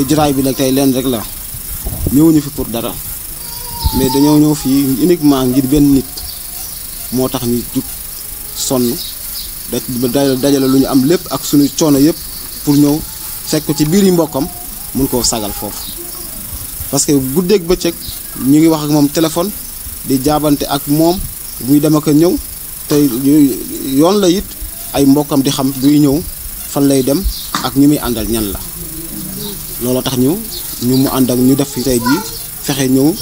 tey jotaay bi nag tey lenn rek la ñëwuñu fi pour dara mais dañoo ñëw fii uniquement ngir benn nit moo tax ñu jug sonn da dajale lu ñu am lépp ak suñu coono yëpp pour ñëw fekk ko ci biir yi mbokkam mun koo sagal foofu parce que guddeeg bëccëg ñu ngi wax ak moom téléphone di jaabante ak moom buy dem ak a ñëw te yoon la it ay mbokkam di xam buy ñëw fan lay dem ak ñu muy àndal ñan la looloo tax ñu ñu mu ànd ak ñu def fi tey jii fexe ñëw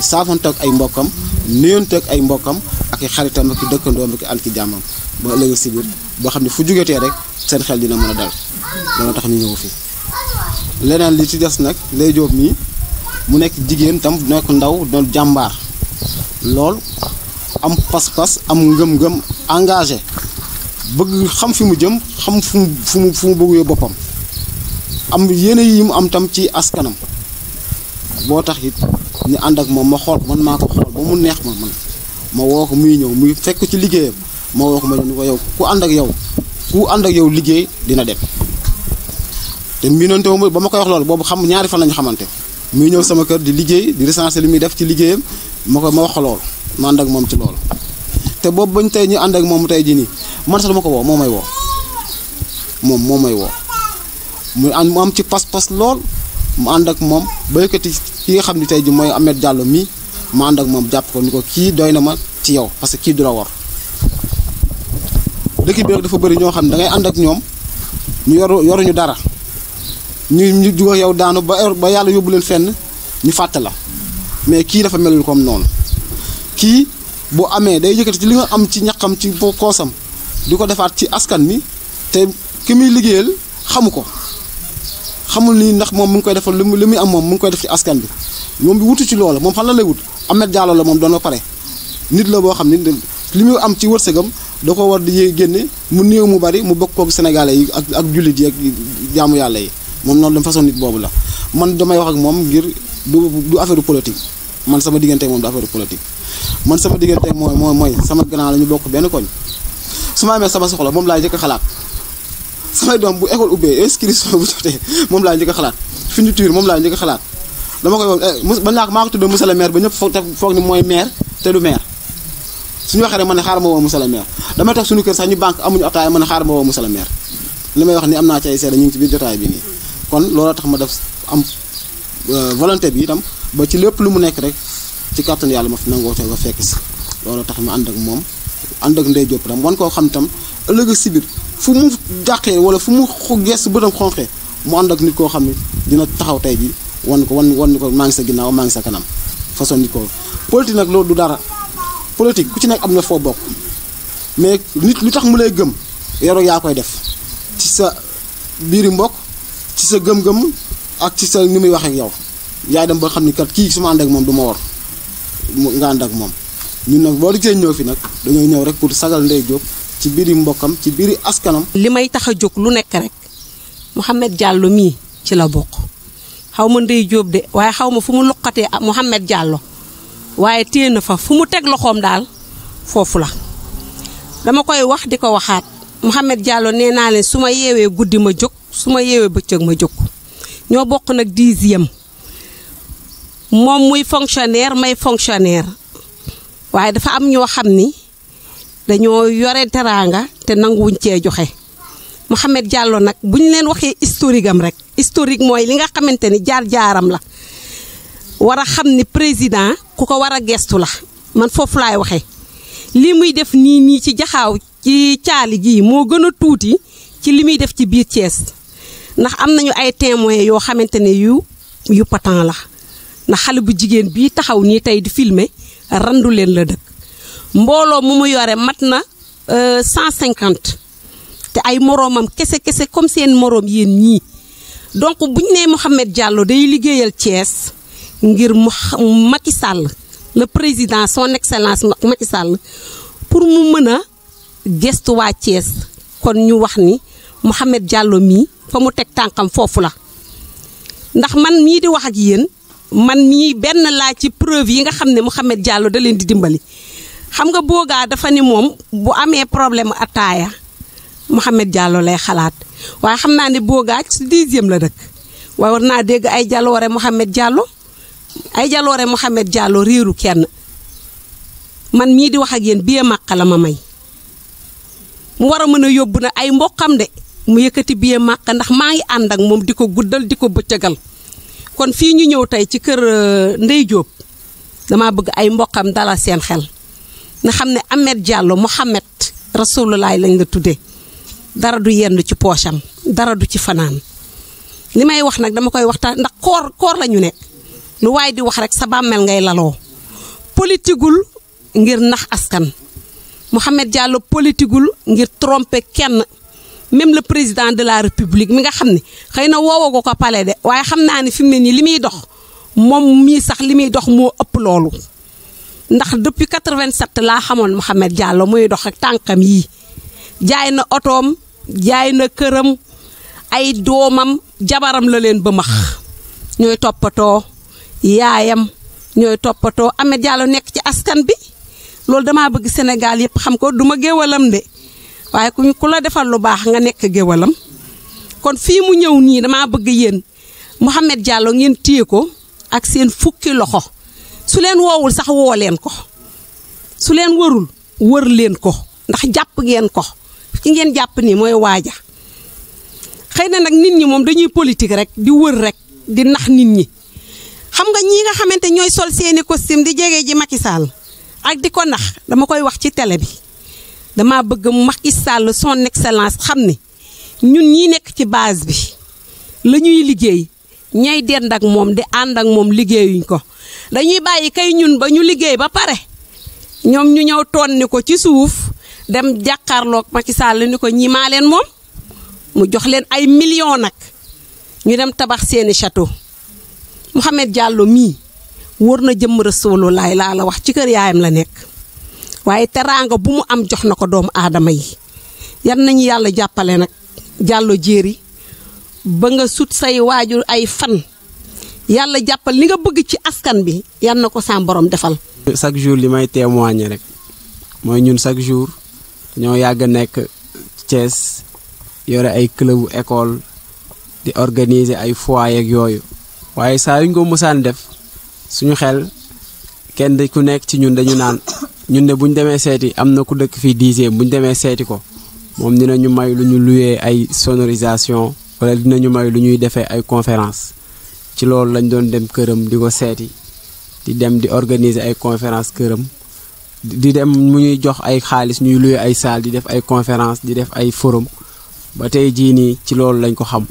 saafante ak ay mbokkam nuyonte ak ay mbokkam ak i xaritam ak i dëkkandoom ak i ànd ci jàmmam ba ëllëg si biir boo xam ne fu jógetee rek seen xel dina mën a dal looloo tax ñu ñëw fii leneen li ci des nag lay jóob mii mu nekk jigéen tam nekk ndaw doon jàmbaar lool am pas-pas am ngëm-ngëm engagé bëgg xam fi mu jëm xam fu mu fu mu fu mu bëggee boppam am yene yi mu am tam ci askanam bo tax it ni and ak mom ma xol man mako xol xool ba mu neex ma man ma wo ko muy ñew muy fekk ci liggey ma wo ko ma ñu ko yow ku and ak yow ku and ak yow liggey dina dem te mbinante wu ba ma koy wax lool bobu xam ñaari fan lañu xamanté muy ñew sama kër di liggey di recenser li muy def ci liggéeyam ma ko ma wax lool ma and ak mom ci lool te bobu bañ tay ñu and ak mom tay ji man sax dama ko wo momay wo mom momay wo mu am mu am ci pas-pas lol mu and ak moom béykat yi ki nga tay ne ji moy Ahmed Diallo mi mu and ak mom japp ko ni ko doyna ma ci yow parce que ki wor war dëkk bi dafa bëri ño xamni da ngay and ak ñom ñu yoru ñu dara ñu ñu juga yow daanu ba ba yalla yobul len fenn ñu fatte la mais ki dafa melul comme non ki bu amé day yëkkati ci li nga am ci ñakam ci bo kosam ko defaat ci askan mi té kimi liggéeyal xamuko xamul ni ndax moom mu ngi koy defal li muy am moom mu ngi koy def ci askan bi moom bi wutu ci loola moom xam la wut Ahmed Diallo la moom doon ba pare nit la boo xam ni li muy am ci wërsëgam da ko war di yee génne mu néew mu bari mu bokk koog sénégalais yi ak ak jullit yi ak jaamu yàlla yi moom noonu la façon nit boobu la man damay wax ak moom ngir du du affaire politique man sama diggante moom du affaire politique man sama diggante mooy mooy sama grand la ñu bokk benn koñ su ma amee sama soxla moom laay jëkk xalaat. sama doom bu école ubbee inscription eh, bu mom la ñu ko xalaat finiture la ñu ko xalaat dama koy wax eh, ba la ma ko tudd musala le maire ba ñep foog ni moy maire te du maire suñu waxé rek xaar ne xaaral ma woo monsieur maire damay tax suñu kër sax ñu bank amuñu otaay ma xaar ma woo monsieur maire wax ni amna ci ay seede ñu ci biir jotaay bi ni kon loolu tax ma def am euh, volonté bi itam ba ci lepp lu mu nekk rek ci carton yalla ma fi nango te ba fekk ci loolu tax ma and ak mom ànd ak ndey jop tam wan ko xam tam ëllëg sibir fu mu jàqee wala fu mu gees bëtam xonqee mu ànd ak nit koo xam ne dina taxaw tey ji wan ko wan wan ko maa ngi sa ginnaaw maa ngi sa kanam façon nit ko politique nag loolu du dara politique ku ci nekk am na foo bokk mais nit lu tax mu lay gëm yoroo yaa koy def ci sa biiri mbokk ci sa gëm-gëm ak ci sa ni muy wax ak yow yaay dem ba xam ni kat kii su ma ànd ak moom du ma war nga ànd ak moom ñun nag boo di ñëw fi nag dañoo ñëw rek pour sagal Ndeye Diop ci biiri mbokkam ci biiri askanam. li may tax a jóg lu nekk rek Mouhamed Diallo mii ci la bokk xaw ma ndey jóob de waaye xaw ma fu mu loqatee ak ah, Mouhamed Diallo waaye téye na fa fu mu teg loxoom daal foofu la dama koy wax di ko waxaat Mouhamed Diallo nee naa leen su ma yeewee guddi ma jóg su ma yeewee bëccëg ma jóg ñoo bokk nag dixième moom muy fonctionnaire may fonctionnaire waaye dafa am ñoo xam ni. dañoo yore te nanguwuñ cee joxe Mouhamed Diallo nag buñ leen waxee historique am rek historique mooy li nga xamante ni jaar-jaaram la war a xam ni président ku ko war a gestu la man foofu laay waxee li muy def nii nii ci jaxaaw ci caali gii moo gën a tuuti ci li muy def ci biir Thiès ndax am nañu ay témoins yoo xamante ne yu yu patan la ndax xale bu jigéen bii taxaw nii tey di filmer randu leen la dëkk mbooloo mu mu yore mat na euh, cent cinquante te ay moroomam kese kese comme seen moroom yéen ñii donc bu ñu nee Mouhamed Diallo day liggéeyal Thiès ngir mu Macky Sall le président son excellence Macky Sall pour mu mën a gestu waa Thiès kon ñu wax ni Mouhamed jàlloo mii fa mu teg tànkam foofu la ndax man mii di wax ak yéen man mii benn laa ci preuve yi nga xam ne Mouhamed Diallo da leen di dimbali. xam nga boogaa dafa ni moom bu amee problème ataya mohamed Diallo lay xalaat waaye xam naa ne boogaa ci dixième la dëkk waaye war naa dégg ay jaloore Mouhamed Diallo ay jaloore Diallo kenn man mii di wax ak yéen bie màq la ma may mu war a mën a yóbbu na ay mbokam de mu yëkkati bie màq ndax maa ngi ànd ak moom di ko guddal di ko kon fii ñu ñëw tey ci kër euh, ndey Diop dama bëgg ay mbokam dala seen xel nga xam ne Ahmed Diallo Mouhamed Rasulullah lañ la tuddee dara du yenn ci poosam dara du ci fanaan li may wax nag dama koy waxtaan ndax koor koor la ñu ne lu waaye di wax rek sa bàmmeel ngay laloo politigul ngir nax askan Mouhamed Diallo politigul ngir tromper kenn même le président de la république mi nga xam ne xëy na woowoo ko ko pale de waaye xam naa ne fi mu ne nii li muy dox moom mii sax li muy dox moo ëpp loolu ndax depuis 87 la xamone mohammed Diallo muy dox ak tankam yi jaay na otoom jaay na ay doomam jabaram la len ba max ñooy toppatoo yaayam ñoy topato amé Diallo nek ci askan bi lolou dama bëgg Sénégal yépp xam ko duma géwalam de waye ku ku la defal lu baax nga nek géwalam kon fi mu ñëw ni dama bëgg yeen mohammed Diallo ngeen tiyé ko ak seen fukki loxo su len wowul sax wo len ko su len warul wër len ko ndax japp ngeen ko ci ngeen japp ni moy waja xeyna nak nit ñi mom dañuy politique rek di wër rek di nax nit ñi xam nga ñi nga xamantene ñoy sol seeni costume di jégué ji Macky Sall ak di ko nax dama koy wax ci télé bi dama bëgg Macky Sall son excellence xamni ñun ñi nekk ci base bi lañuy liggéey ñay dend ak mom di and ak mom liggéeyuñ ko dañuy bàyyi kay ñun ba ñu liggéey ba pare ñoom ñu ñëw toon ni ko ci suuf dem jàkkaarloog Macky Sall ni ko ñi maa leen moom mu jox leen ay millions nag ñu dem tabax seeni château Mouhamed Diallo mii wër na jëmm Rasulullah laa la wax ci kër yaayam la nekk waaye teraanga bu mu am jox na ko doomu aadama yi yan nañu yàlla jàppale nag Diallo jéeri ba nga sut say waajur ay fan yàlla jàppal li nga bëgg ci askan bi yal na ko sam borom defal. chaque jour li may témoigner rek mooy ñun chaque jour ñoo yàgg nekk Thiès yore ay clubu école di organiser ay foyer ak yooyu waaye saa yu ko mosaan def suñu xel kenn ku nekk ci ñun dañu naan ñun ne bu ñu demee seeti am na ku dëkk fii dixième bu ñu demee seeti ko moom dina ñu may lu ñu luye ay sonorisation wala dinañu may lu ñuy defee ay conférence ci loolu lañ doon dem këram di ko seeti di dem di organiser ay conférence këram di dem mu ñuy jox ay xaalis ñuy luye ay salle di def ay conférence di def ay forum ba tey jii nii ci loolu lañ ko xam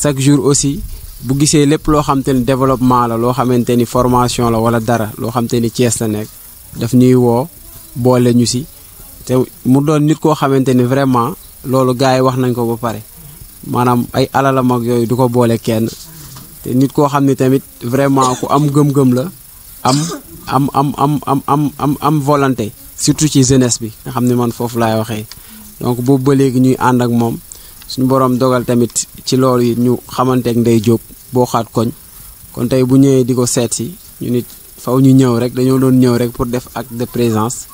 chaque jour aussi bu gisee lépp loo xamante ni développement la loo xamante ni formation la wala dara loo xamante ni Thiès la nekk daf ñuy woo boole ñu si te mu doon nit koo xamante ni vraiment loolu gars yi wax nañ ko ba pare maanaam ay alalam ak yooyu du ko te nit koo xam ne tamit vraiment ku am gëm-gëm la am am am am am am am am volonté surtout ci jeunesse bi nga xam ne man foofu laay waxee donc boobu ba léegi ñuy ànd ak moom suñu borom dogal tamit ci loolu yi ñu xamanteek Ndeye Diop boo xaat koñ kon tey bu ñëwee di ko seet si ñu nit faw ñu ñëw rek dañoo doon ñëw rek pour def acte de présence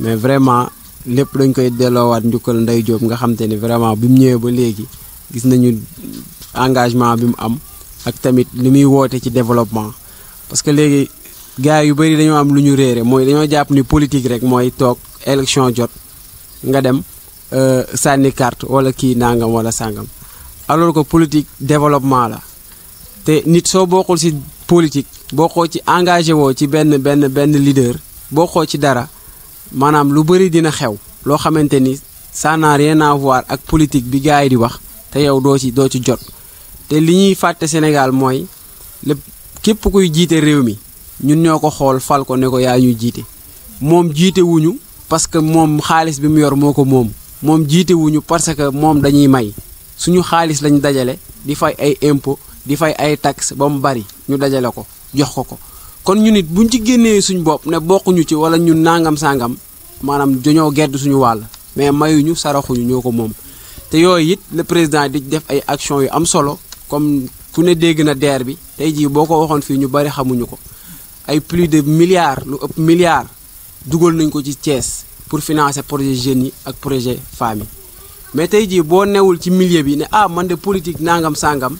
mais vraiment lépp dañ koy delloowaat njukkal Ndeye Diop nga xam ni vraiment bi mu ñëwee ba léegi gis nañu engagement bi mu am ak tamit li muy woote ci développement parce que léegi gars yu bëri dañoo am lu ñu réere mooy dañoo jàpp ni politique rek mooy toog élection jot nga dem euh, sànni carte wala kii nangam wala sàngam alors que politique développement la te nit soo bokkul ci politique bokkoo ci engagé woo ci benn benn benn leader bokkoo ci dara maanaam lu bëri dina xew loo xamante ni ça n'a rien ak politique bi gars yi di wax te yow doo ci doo ci jot te li ñuy fàtte Sénégal mooy lépp képp kuy jiite réew mi ñun ñoo ko xool fal ko ne ko yaa ñuy jiite moom jiite wuñu parce que moom xaalis bi mu yor moo ko moom moom jiite parce que moom dañuy may suñu xaalis lañ dajale di fay ay impôt di fay ay taxe ba mu bari ñu dajale ko jox ko ko kon ñu nit buñ ci génnee suñu bopp ne bokkuñu ci wala ñun nangam sangam maanaam dañoo gedd suñu wàll mais mayuñu saraxuñu ñoo ko moom te yooyu it le président di def ay action yu am solo comme ku ne dégg na DER bi tey jii boo ko waxoon fii ñu bari xamuñu ko ay plus de milliards lu ëpp milliards dugal nañ ko ci cees pour financer projet jeunes yi ak projet femmes yi mais tey jii boo newul ci milieu bi ne ah man de politique nangam sangam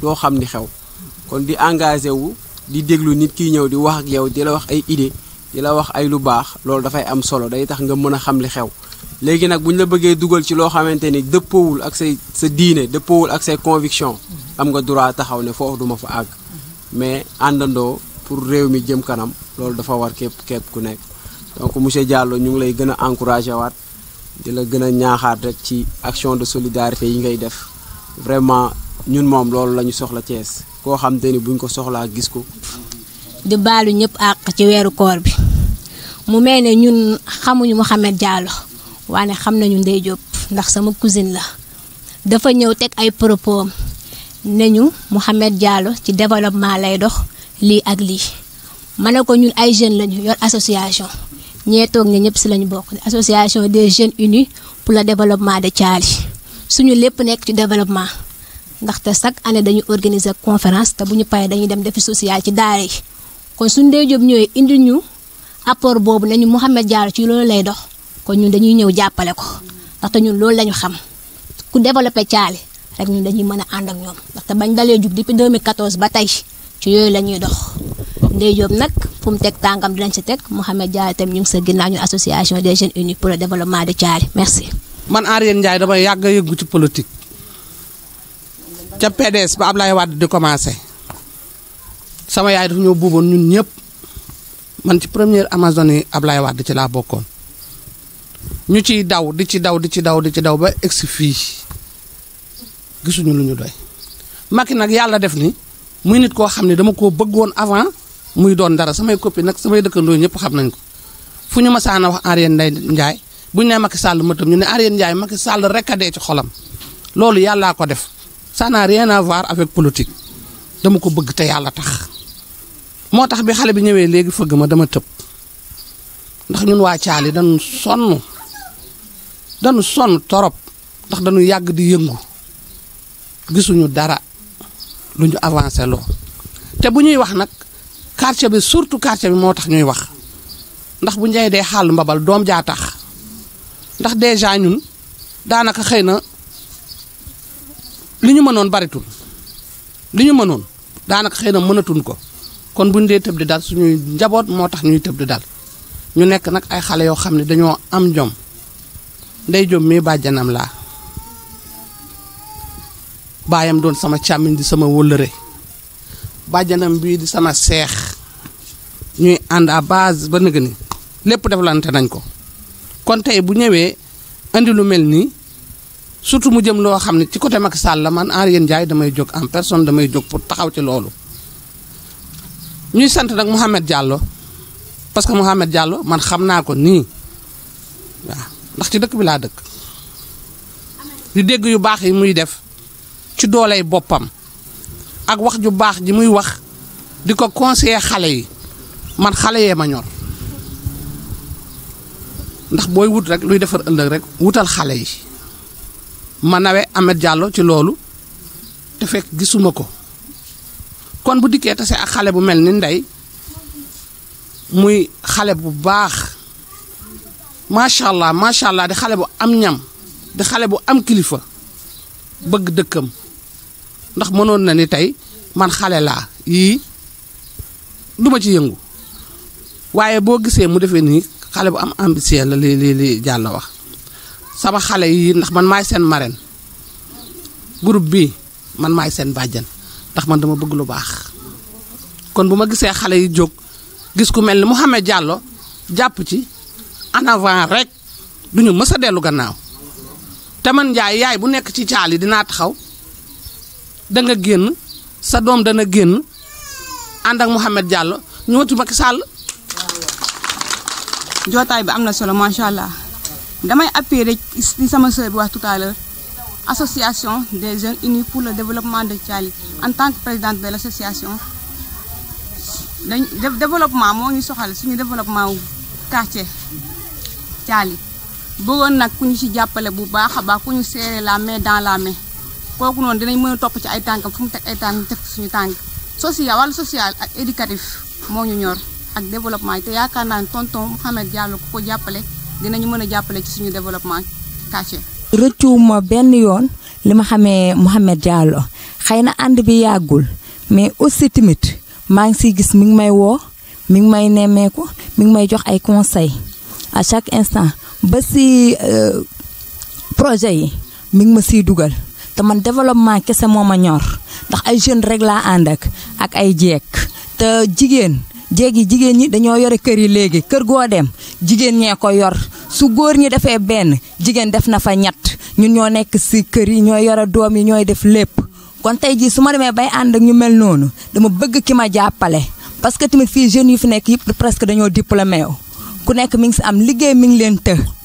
doo xam ni xew kon di engage wu di déglu nit kiy ñëw di wax ak yow di la wax ay idée di la wax ay lu baax loolu dafay am solo day tax nga mën a xam li xew léegi nag bu ñu la bëggee dugal ci loo xamante ni dëppoowul ak say sa diine dëppoowul ak say conviction am nga droit taxaw ne foofu duma fa àgg mais àndandoo pour réew mi jëm kanam loolu dafa war képp képp ku nekk donc monsieur Diallo ñu ngi lay gën a encouragé waat di la gën a ñaaxaat rek ci action de solidarité yi ngay def vraiment ñun moom loolu la ñu soxla Thiès koo xam te ni buñ ko soxlaa gis ko. di baalu ñëpp àq ci weeru koor bi mu mel ne ñun xamuñu Mouhamed Diallo waane xam nañu Ndeye Diop ndax sama cousine la dafa ñëw teg ay am ñu Mouhamed Diallo ci développement lay dox lii ak lii ma ne ko ñun ay jeunes lañu yor association ñee toog ne ñëpp si lañu bokk association des jeunes unis pour le développement de Thialy suñu lépp nekk ci développement ndaxte chaque année dañu organiser conférence te bu ñu paree dañuy dem defi social ci daara yi kon suñu dee job ñëwee indi ñu apport boobu nañu Mouhamed Diallo ci loolu lay dox ko ñun dañuy ñëw jàppale ko ndaxte ñun loolu lañu xam ku développé Thialy rek ñi dañuy mën a ànd ak ñoom ndaxte bañ dalee jug depuis 2014 ba tey ci yooyu la ñuy dox Ndeye Diop nag fu mu teg tànkam dinañ si teg Mouhamed Diarra tam ñu ngi sa ginnaaw ñu association des jeunes unis pour le développement de Thialy merci. man Henriette Ndiaye damay yàgg a yëngu ci politique ca PDS ba Ablaye wàdd di commencé sama yaay dafa ñoo buuboon ñun ñëpp man ci première Amazone yi Ablaye wàdd ci laa bokkoon ñu ciy daw di ci daw di ci daw di ci daw ba egsi fii. gisuñu lu ñu doy Macky nag yàlla def ni muy nit koo xam ne dama koo bëggoon avant muy doon dara samay koppi nag samay dëkkandoo ñëpp xam nañ ko fu ñu masaan a wax Henriette Ndeye Ndiaye bu ñu nee Macky Sall ma tëm ñu ne Henriette Ndiaye Macky sàll rek a dee ci xolam loolu yàllaa ko def ça n'a rien à voir avec politique dama ko bëgg te yàlla tax moo tax bi xale bi ñëwee léegi fëgg ma dama tëb ndax ñun waa caali dañu sonn dañu sonn torop ndax dañu yàgg di yëngu gisuñu dara lu ñu avancé loo te bu ñuy wax nag quartier bi surtout quartier bi moo tax ñuy wax ndax bu njey dee xàll mbabal doom jaa tax ndax déjà ñun daanaka xëy na li ñu mënoon baritul li ñu mënoon daanaka xëy na mënatuñ ko kon bu ñu dee tëb di dal suñuy njaboot moo tax ñuy tëb di dal ñu nekk nag ay xale yoo xam ne dañoo am jom ndey jom mii bàjjanam laa bayam don sama chamin di sama wolere bajanam bi di sama seex ñuy and a base ba neug ni lepp defalante nañ ko kon tay bu ñewé andi lu melni surtout mu jëm lo xamni ci côté Macky Sall la man Henriette Ndiaye damay jog en personne damay jog pour taxaw ci lolu ñuy sante nak Diallo parce que Diallo man xamna ko ni waaw ndax ci dëkk bi la dëkk di dégg yu bax yi muy def ci doolay boppam ak wax ju baax ji muy wax di ko conseiller xale yi man xale yee ma ñor ndax booy wut rek luy defar ëllëg rek wutal xale yi ma nawe Diallo ci loolu te fekk gisuma ko kon bu dikkee tase ak xale bu mel ni ndey muy xale bu baax macha allah macha allah di xale bu am ñam di xale bu am kilifa bëgg dëkkam ndax mënoon na ni tey man xale laa yii du ma ci yëngu waaye boo gisee mu defee nii xale bu am ambition la li li li Diallo wax sama xale yi ndax man maay seen marraine groupe bi man maay seen bàjjan ndax man dama bëgg lu baax kon bu ma gisee xale yi jóg gis ku mel ni mu Mouhamed Diallo jàpp ci en avant rek duñu mës a dellu gannaaw te man Ndiaye yaay bu nekk ci caal yi dinaa taxaw da nga génn sa doom dana génn ànd ak Mouhamed Diallo ñu wëtu Macky Sall. jootaay bi am na solo macha allah damay appuyer rek ci sama sœur bi wax tout association des jeunes unis pour le développement de Thialy en tant que présidente de l' association dañ développement moo ngi soxal suñu développement wu quartier Thialy bëggoon nag ku ñu ci jàppale bu baax a baax ku ñu serrer la mais dans la main. kooku noonu dinañ mën a topp ci ay tànkam fu mu teg ay tànk teg suñu tànk social wàllu social ak éducatif moo ñu ñor ak développement yi te yaakaar naa ne tonton Mouhamed Diallo ku ko jàppale dinañu mën a jàppale ci suñu développement quartier. ma benn yoon li ma xamee Mouhamed Diallo xëy na ànd bi yàggul mais aussi tamit maa ngi siy gis mi ngi may woo mi ngi may nemmeeku mi ngi may jox ay conseils à chaque instant ba si euh, projet yi mi ngi ma siy dugal. te man développement kese moom a ñor ndax ay jeunes rek laa ànd ak ay jeeg te jigéen jeeg yi jigéen ñi dañoo yore kër yi léegi kër goo dem jigéen ñee ko yor su góor ñi defee benn jigéen def na fa ñett ñun ñoo nekk si kër yi ñooy yore doom yi ñooy def lépp kon tey jii su ma demee bay ànd ak ñu mel noonu dama bëgg ki ma jàppale parce que tamit fii jeunes yu fi nekk yëpp presque dañoo diplômé wu ku nekk mi ngi si am liggéey mi ngi leen të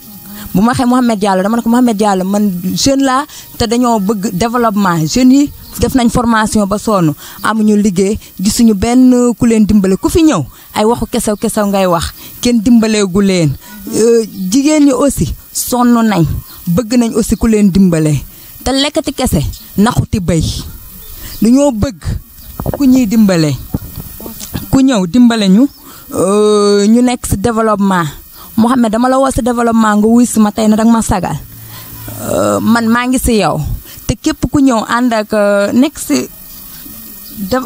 bu ma waxee Mouhamed Diallo dama ne ko Mouhamed Diallo man jeune laa te dañoo bëgg développement jeunes yi def nañ formation ba sonn amuñu liggéey gisuñu benn ku leen dimbale ku fi ñëw ay waxu kesew kesew ngay wax kenn dimbaleegu leen. Euh, jigéen ñi aussi sonn nañ bëgg nañ aussi ku leen dimbale te lekkati kese naxuti béy dañoo bëgg ku ñuy dimbale ku ñëw dimbale ñu euh, ñu nekk si développement. moo xam ne dama la woo si développement nga wuy si ma tey na danga ma sagal euh, man maa ngi si yow te képp ku ñëw ànd ak euh, nekk si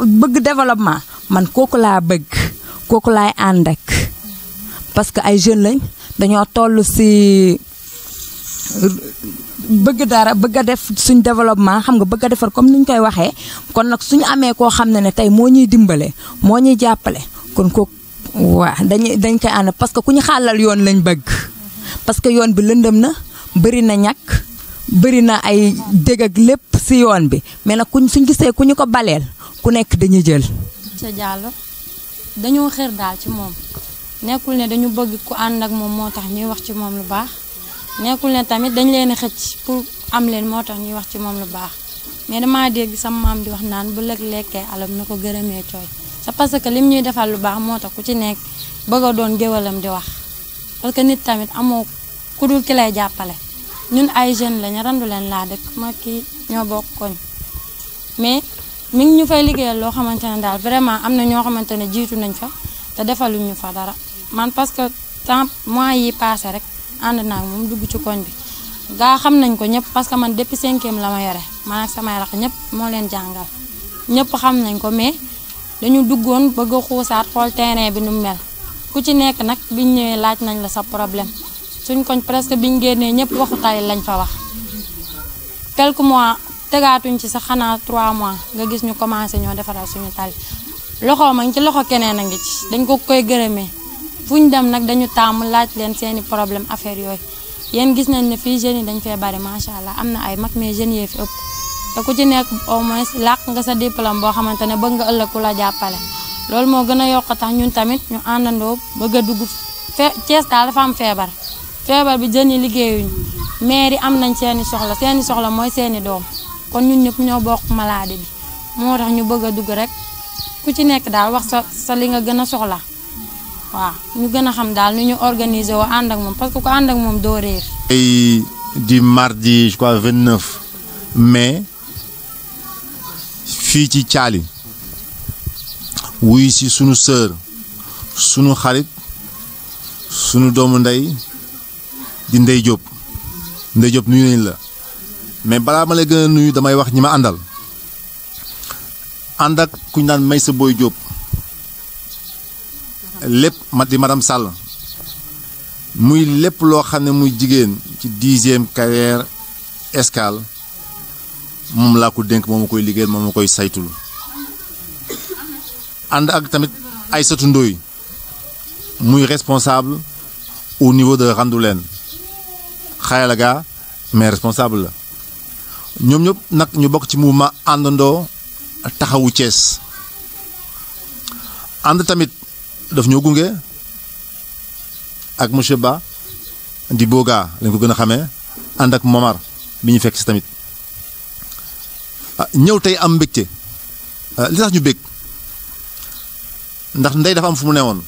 bëgg développement man kooku laa bëgg kooku laay ànd ak parce que ay jeunes lañ dañoo toll si euh, bëgg dara bëgg a def suñ developpement xam nga bëgg a defar comme ni ñu koy waxee kon nag suñu amee koo xam ne ne tey moo ñuy dimbale moo ñuy jàppale kon kooku waaw dañuy dañ koy ànd parce que ku ñu xàllal yoon lañ bëgg parce que yoon bi lëndëm na bëri na ñàkk bëri na ay dégg ak lépp si yoon bi mais nag kuñ suñ gisee ku ñu ko baleel ku nekk dañuy jël. ca Diallo dañoo xër daal ci moom nekkul ne dañu bëgg ku ànd ak moom moo tax ñuy wax ci moom lu baax nekkul ne tamit dañ leen xëcc pour am leen moo tax ñuy wax ci moom lu baax mais damaa dégg sama maam di wax naan bu lëg lekkee alam na ko gërëmee cooy. c'est parce que lim ñuy defal lu baax moo tax ku ci nekk bëgg doon géwalam di wax parce que nit tamit amoo ku dul ki lay jàppale ñun ay jeunes lañu randu leen laa dëkk ma kii ñoo bokk koñ mais mi ñu fay liggéeyal loo xamante ne daal vraiment am na ñoo xamante ne jiitu nañ fa te defaluñ ñu fa dara man parce que temps mois yi passé rek ànd naa moom dugg ci koñ bi gaa xam nañ ko ñëpp parce que man depuis cinquième la ma yore man ak samay rax ñëpp moo leen jàngal ñëpp xam nañ ko mais dañu duggoon bëgg a xuusaat xool terrain bi nu mel ku ci nekk nag biñ ñëwee laaj nañ la sa problème suñ koñ presque biñ génnee ñëpp waxu tali lañ fa wax quelque mois tegaatuñ ci sa xanaa trois mois nga gis ñu commencé ñoo defaral suñu tali loxo ma ngi ci loxo keneen a ngi ci dañ ko koy gërëmee fu ñu dem nag dañu tàmm laaj leen seeni problème affaire yooyu yéen gis nañ ne fii jeunes yi dañ fee bari macha allah am na ay mag mais jeunes yee fi ëpp te ku ci nekk ya, au oh, moins làq nga sa diplôme boo xamante ne ya, bëgg nga ëllëg ku la jàppale loolu moo yokk ya, tax ñun tamit ñu àndandoo bëgg dugg fe Thiès fam dafa am feebar feebar bi jën yi liggéeyuñu maire yi am nañ seeni soxla seeni soxla mooy seeni doom kon ñun ñëpp ñoo bokk maladie bi moo tax ñu bëgg dugg rek ku ci nekk daal wax sa sa li nga soxla ñu xam ñu organiser di mardi je crois 29 mai fii ci caali wuy si sunu sœur sunu xarit sunu doomu ndey di ndey Diop ndey Diop nuyu nañ la mais balaa ma lay gën a nuyu damay wax ñi ma àndal ànd ak ku ñu naan may sa booy Diop lépp ma di madame Sall muy lépp loo xam ne muy jigéen ci dixième carrière escale moom laa ko dénk moom koy liggéeyal moom koy saytul ànd ak tamit Aïssatou Ndoye muy responsable au niveau de Randoulène Xayalaga mais responsable la ñoom ñëpp nag ñu bokk ci mouvement àndandoo taxawu tamit daf ñoo gunge ak monsieur Ba di Boga lañ ko gën ak Momar fekk tamit Ah, ñëw tey am mbégte ah, li tax ñu bég ndax ndey dafa am fu mu ne woon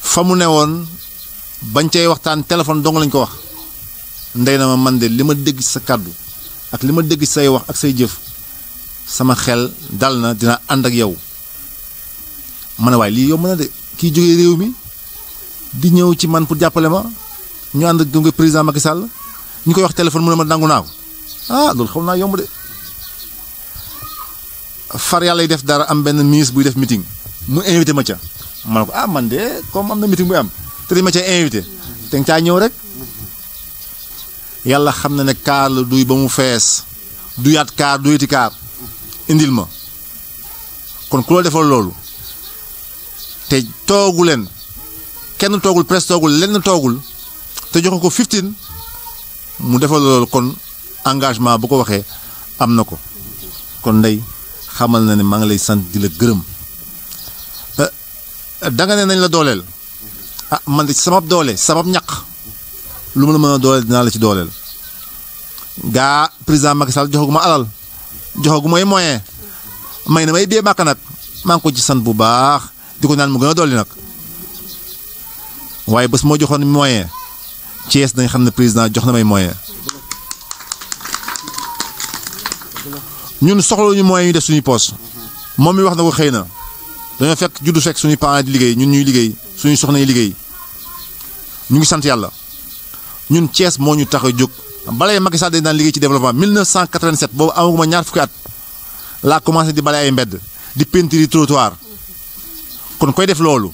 fa mu ne woon bañ cay waxtaan téléphone dong lañ ko wax ndey na ma man de li ma dégg sa kàddu ak li ma dégg say wax ak say jëf sama xel dal na dina ànd ak yow ma ne waaye lii yomb na de kiy jógee réew mi di ñëw ci man pour jàppale ma ñu ànd ak président Macky sàll ñu koy wax téléphone mu ne ma dangu naa ko ah, loolu xaw naa yomb de. far yàlla def dara am benn ministre buy def mitin mu invité ma ca ma ne ko ah man de comme am na meeting buy am te di ma ca invité te nga caa ñëw rek yàlla xam na ne kaar la duy ba mu fees duyaat kaar duyati kaar indil ma kon ku la defal loolu te toogu leen kenn toogul presque toogul lenn toogul te jox ko 15 mu defal loolu kon engagement bu ko waxee am na ko kon ndey xamal na ne ma ngi lay sant di eh, la gërëm da nga ne nañ la dooleel ah man de sabab doole sabab ñaq lu ma la mën a dooleel dinaa la ci dooleel gaa président Macky Sall joxaguma alal joxaguma ay moyen may na may bee màkk nag maa ngi ko ci sant bu baax di ko naan mu gën a dolli nag waaye bés moo joxoon moyen Thiès dañ xam ne président jox na may moyen ñun ñu moyens yu def suñu poos mom mi wax na ko xeyna dañu fekk juddu fekk suñu parents di liggey ñun ñuy liggey suñu soxna yi liggey ñu ngi sante yalla ñun Thiès mo ñu tax juk balay Macky Sall dañ dan liggey ci développement 1987 bobu amuguma ñaar fukki at la commencé di balay ay mbedd di peinture trottoir kon koy def lolu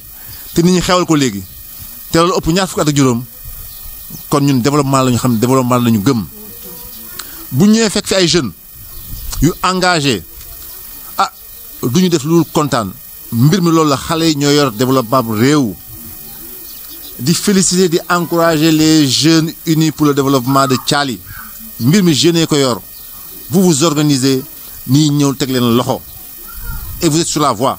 te nit ñi xewal ko léegi te lolu upp ñaar fukki at ak juróom kon ñun développement lañu xam développement lañu gëm bu ñëw fekk fi ay jeunes yu engagé ah duñu def lu contane mbir mi loolu la xalé yi yor développement bu réew di féliciter di encourager les jeunes unis pour le développement de Thialy mbir mi jeunes ko yor vous vous organisez ni ñëw tek leen loxo et vous êtes sur la voie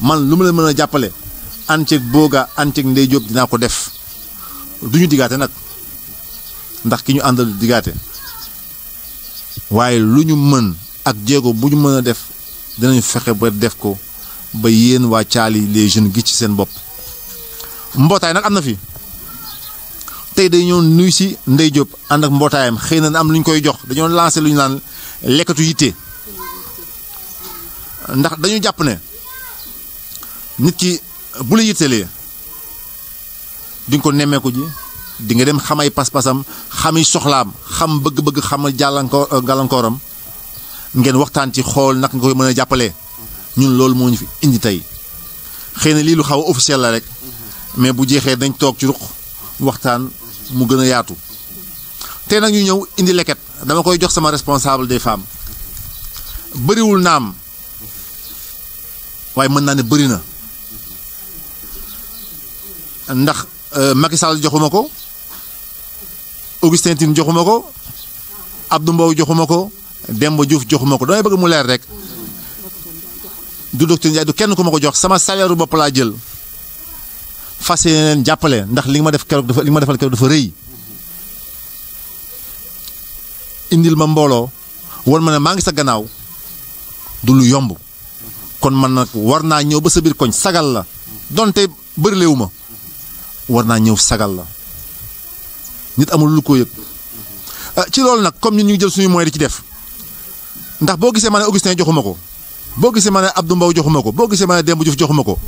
man lu ma leen mën a Boga ànd ndey job dina ko def duñu digaté nak ndax ki ñu andal digaté waye luñu ñu ak jéego bu ñu mën a def dinañ fexe ba def ko ba yéen waa Thialy les jeunes gi ci seen bopp mbootaay nag am na fi tey day ñëw nuyu si Ndey ànd ak mbootaayam xëy na am lu ñu koy jox dañoo lancé lu ñu naan leketu yitte ndax dañu jàpp ne nit ki bu la yittelee di ko nemmeeku ji di nga dem xamay pas-pasam xami soxlaam xam bëgg-bëgg xamal jàllanko gàllankooram ngeen waxtaan ci xool naka nga koy mën a jàppalee ñun loolu moo ñu fi indi tey xëy na lii lu xaw a officiel la rek mais bu jeexee dañ toog ci ruq waxtaan mu gën a yaatu te nag ñu ñëw indi leket dama koy jox sama responsable des femmes bariwul naam waaye mën naa ne bari na ndax euh, Macky Sall joxuma ko Augustin Tine joxuma ko Abdou Mbow joxuma ko dembo juuf joxuma ko damay bëgg mu leer rek du docteur Ndiaye du kenn ku mako jox sama salaire bopp laa jël fas len jàppale ndax li nga def kérok dafa li nga defal kérok dafa reuy indil ma warna won ma ne yombo ngi sa gannaaw du lu yomb kon man nak war naa ba sa bir koñ sagal la donte bëri léewu war sagal la nit amul lu ko yëg ah, ci lol nak comme ñun ñu jël suñu moyen ci def. ndax boo gisee ma ne Augustin joxuma ko boo gisee ma ne Abdou Mbow joxuma ko boo gisee ma ne Demba Diouf joxuma ko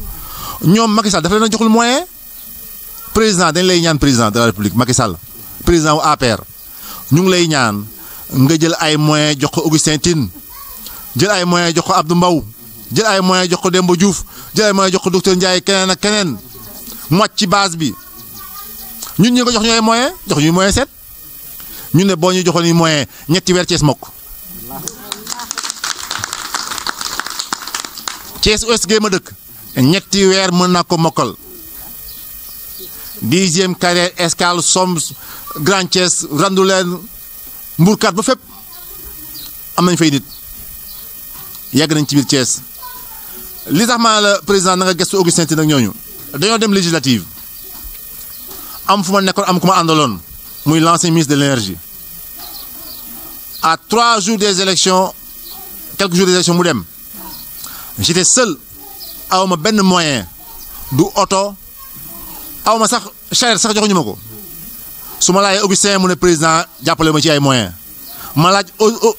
ñoom Macky Sall dafa leen joxul moyen président dañ lay ñaan président de la république Macky Sall président wu APR ñu ngi lay ñaan nga jël ay moyens jox ko Augustin tin jël ay moyens jox ko Abdou Mbow jël ay moyens jox ko Demba Diouf jël ay jox ko docteur Ndiaye keneen ak keneen mocc ci base bi ñun ñu ko jox ñu ay jox ñuy moyen set ñu ne boo ñu joxoon moyen ñetti weer cees mokk Thiès Ouest gee ma dëkk ñetti weer mën naa ko mokkal dixième carrière escale Somme Grand Thiès Randoulène Mbourkat ba fépp am nañ fay nit yàgg nañ ci biir Thiès li tax ma la président na nga gëstu Augustin Tine nag ñooñu dañoo dem législative am fu ma nekkoon am ku ma àndaloon muy l'ancien ministre de l'énergie à trois jours des élections quelques jours des élections mu dem j'étais seul aw ma benn moyen du oto aw ma sax charrette sax joxuñu ma ko su ma laajee Augustin mu ne président jàppale ma ci ay moyen ma laaj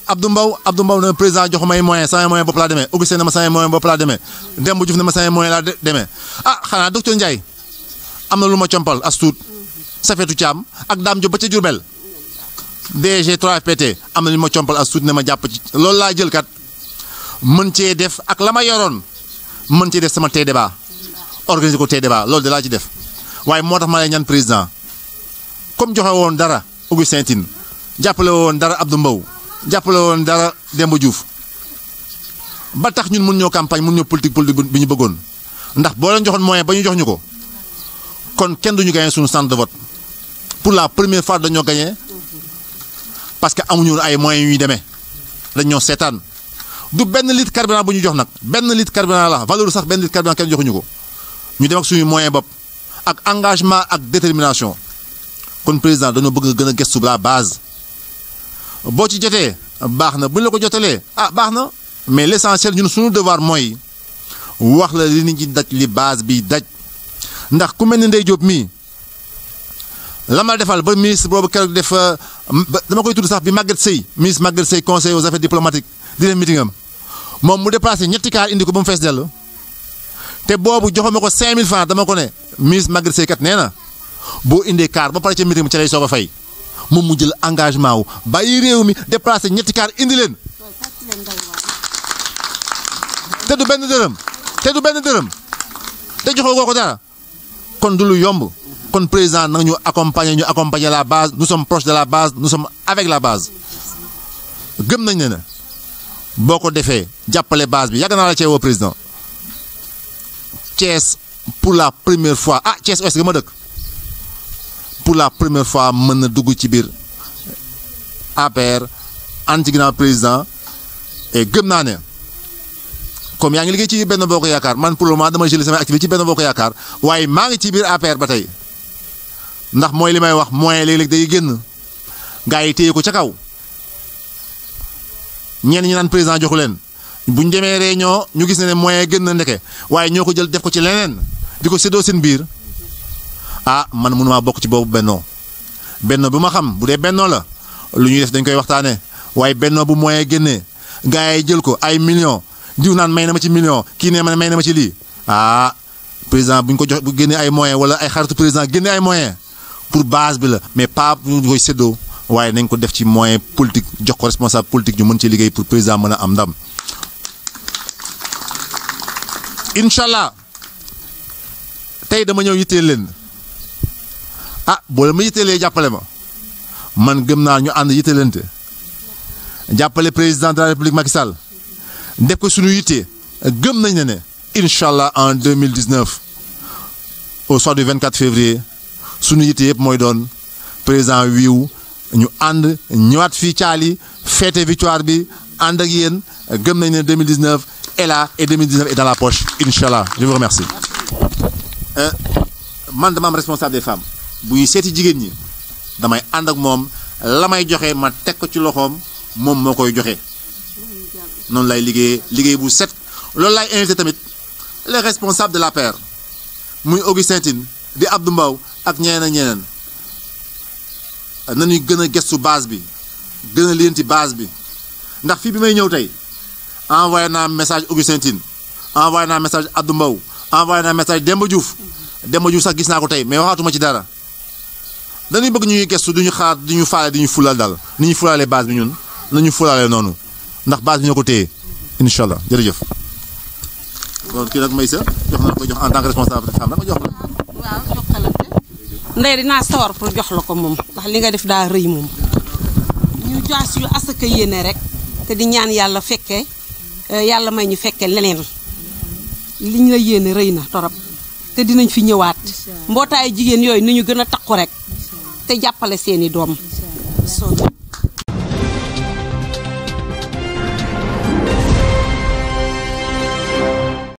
Abdou Mbow Abdou Mbow ne président jox may moyen samay moyen bopp laa demee Augustin ne ma samay moyen bopp laa demee Demba Diouf ne ma samay moyen laa demee a ah, xanaa docteur Ndiaye am na lu ma compal astuut Safetou Thiam ak Dame Diop ba ca Diourbel DG 3PT am na lu ma compal astuut ne ma jàpp ci loolu laa jël kat. mën cee def ak la ma yoroon mën ci def sama tey débat organiser ko tey débat loolu de laa ci def waaye moo tax ma lay ñaan président comme joxe woon dara Augustin Tine jàppale woon dara Abdou mbaw jàppale woon dara Demba Diouf ba tax ñun mun ñoo campagne mun ñoo politique politique bi ñu bëggoon ndax boo leen joxoon moyen ba ñu jox ñu ko kon kenn duñu gagné suñu centre de pour la première fois dañoo gagné parce que amuñu ay moyens yuy ñuy demee dañ ñoo seetaan. du benn litre carburant jox litre carburant la valeur sax litre joxuñu ko ñu ak suñu moyen engagement ak détermination kon président bëgg la base ci la ko ah mais l'essentiel ñun suñu devoir mooy wax la li base bi ndax ku ba ministre def koy sax bi ministre conseiller aux affaires diplomatiques moom mu dépassé ñetti kaar indi ko ba mu fees dell te boobu joxuma ko 5000 francs dama ko ne ministre Maguette kat nee na boo indee kaar ba pare ca meeting mu ca lay soog a fay moom mu jël engagement wu bàyyi réew mi déplacé ñetti kaar indi leen te benn dërëm te benn dërëm te joxoo koo ko dara kon du yomb kon président nag ñu accompagner ñu accompagner la base nous sommes proches de la base nous sommes avec la base gëm nañ ne na boko defé jappalé base bi yàgg naa la cee woo président ties pour la première fois ah ties est ga ma pour la première fois meuna na dugg ci bir APR anti grand président et gëm comme yaa ngi ci ben boko yakar man pour le moment dama jël sama activité ci ben boko yakar waye ma ngi ci bir APR batay ndax moy limay wax moyen lég lég day génn gaay téyé ko ci kaw. ñenn ñi naan président joxu leen buñ demee réunion ñu gis ne ne moyen gën na ndeke waaye ñoo ko jël def ko ci leneen di ko séddoo seen biir ah man mënumaa bokk ci boobu bennoo bennoo bu ma xam bu dee bennoo la lu ñuy def dañ koy waxtaanee waaye bennoo bu moyen génnee gars yi jël ko ay millions diw naan may na ma ci million kii ne ma may na ma ci lii ah président bu ñu ko jox bu génnee ay moyen wala ay xaritu président génnee ay moyen pour base bi la mais pas koy séddoo. waaye nañ ko def moyen politique ko responsable politique ñu mën ci liggéey pour président mën a am ndam inshallah Je tey dama ñëw yitteel leen ah la ma yitteelee jàppale ma man gëm ñu président de la république Macky Sall def ko gëm nañ ne ne en 2019 au soir du 24 février suñu président wiiw ñu and ñëwaat fii Thialy fête victoire bi and ak yéen gëm nañ ne 2019 est là et 2019 est dans la poche Inshallah je vous remercie. Euh, man dama am responsable des femmes buy seeti jigéen ñi damay and ak moom la may joxe ma teg ko ci loxoom moom moo koy joxe noonu lay liggéey liggéey bu set loolu lay invité tamit les responsables de paire muy Augustin di Abdou Mbow ak ñeneen ak ñeneen. nañuy gën gestu baas bi gën a lienti base bi ndax fii bi may ñëw tey envoyé naa message Augustin Tine envoyé naa message Abdou Mbow envoyé naa message Demba Diouf Demba Diouf sax gis naa ko tey mais waxaatuma ci dara dañuy bëgg ñuy gestu duñu xaar duñu faale ñu fulal dal ni ñu fulaalee baas bi ñun nañu fulaalee noonu ndax base bi ñoo ko téye incha allah kii nag Maysa jox naa ko jox en tant que responsable jox la. ndey dinaa sawar pour jox la ko moom ndax li nga def daa rëy moom ñu jaas yu asaka yéene rek te di ñaan yàlla fekke eh, yàlla may ñu fekke leneen liñ la yéene rëy na torop te dinañ fi ñëwaat mbootaay jigéen yooyu ni ñu gën a takku rek te jàppale seeni doom